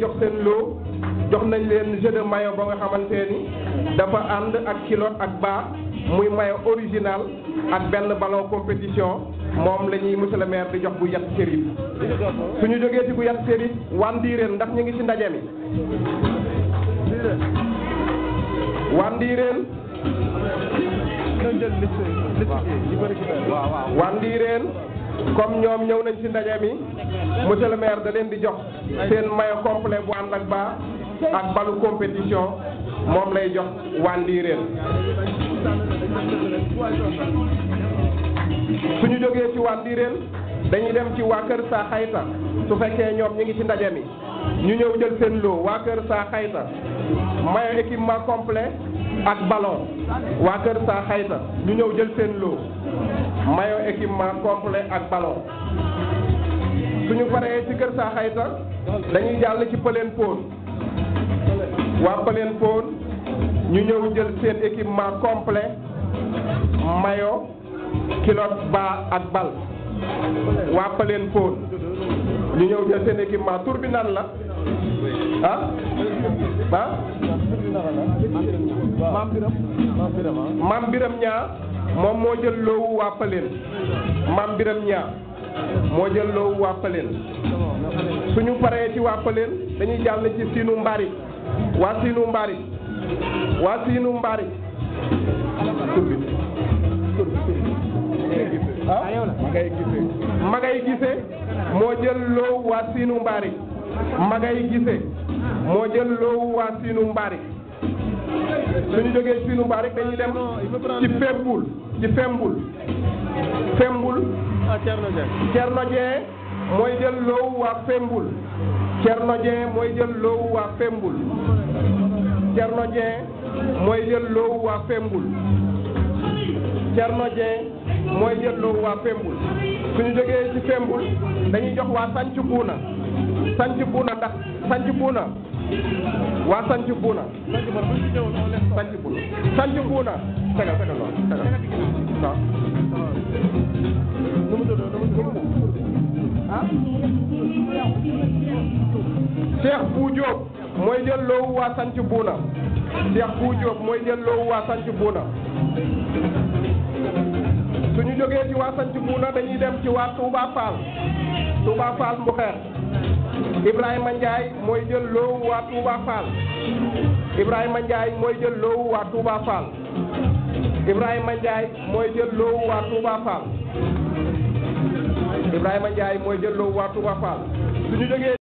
jox seen loo jox nañ leen jeu de maillot ba nga xamante ni dafa ànd ak kilo ak baa muy maillot original ak benn ballon compétition moom la ñuy monsieur le maire di jox bu yat sérif suñu jogee ci bu yat sérif wandiireen ndax ñu ngi ci ndaje mi wandiireen wandiireen comme ñoom ñëw nañ ci ndaje mi monsieur le da leen di jox seen maillot complet bu ànd ak ba ak balu compétition moom lay jox waa Ndiréen suñu jógee ci waa Ndiréen dañuy dem ci waa Kër Saa Xayta su fekkee ñoom ñu ngi ci ndaje mi ñu ñëw jël seen loo waa Kër Saa Xayta maillot équipement complet ak ballon waa Kër Saa Xayta ñu ñëw jël seen loo mayo équipement complet ak ballon suñu paree ci Kër Saa Xayta dañuy jàll ci Pëleen Poon waa Pëleen Poon ñu ñëw jël seen équipement complet mayo kilo bas ak bal waa Pëleen Poon ñu ñëw jël seen équipement tur la ah ah maam biram ah. maam biram ñaa moom moo jël loowu waa Paleen maam biram ñaa moo jël loowu waa Paleen suñu paree ci waa Paleen dañuy jàll ci siinu mbaari waa siinu mbaari waa siinu mbaari tur bi tur bi ah? Ah, magay gise moo jël loowu waa siinu mbaari magay gise moo jël loowu waa siinu mbaari suñu jógee Sinu Mbaa rek dañuy dem ci Fembul ci Fembul Fembul. ah Thierno Dieng. Thierno Dieng mooy jël loowu waa Fembul. Thierno Dieng mooy jël loowu waa Fembul. Thierno Dieng mooy jël loowu waa Fembul. Thierno Dieng mooy jël loowu waa Fembul. suñu jógee ci Fembul dañuy jox waa Sanc Buuna Sanc Buuna ndax Sanc Buuna. waa sanc buuna sanc buuna sanc buuna tegal tegal lool tegal waaw nu mu tudd nu mu ah Cheikh Bou Diop mooy delloowu waa sanc buuna Cheikh Bou Diop waa sanc buuna suñu jógee dem ci waa Touba Fall Touba Fall mu xeer Ibrahima Ndiaye mooy jël loowu waa Touba Fall Ibrahima Ndiaye mooy jël loowu waa Touba Fall Ibrahima Ndiaye mooy jël loowu waa Touba Fall Ibrahima Ndiaye mooy jël loowu waa Touba Fall suñu jógee